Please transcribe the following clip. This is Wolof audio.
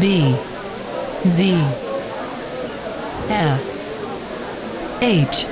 B Z F H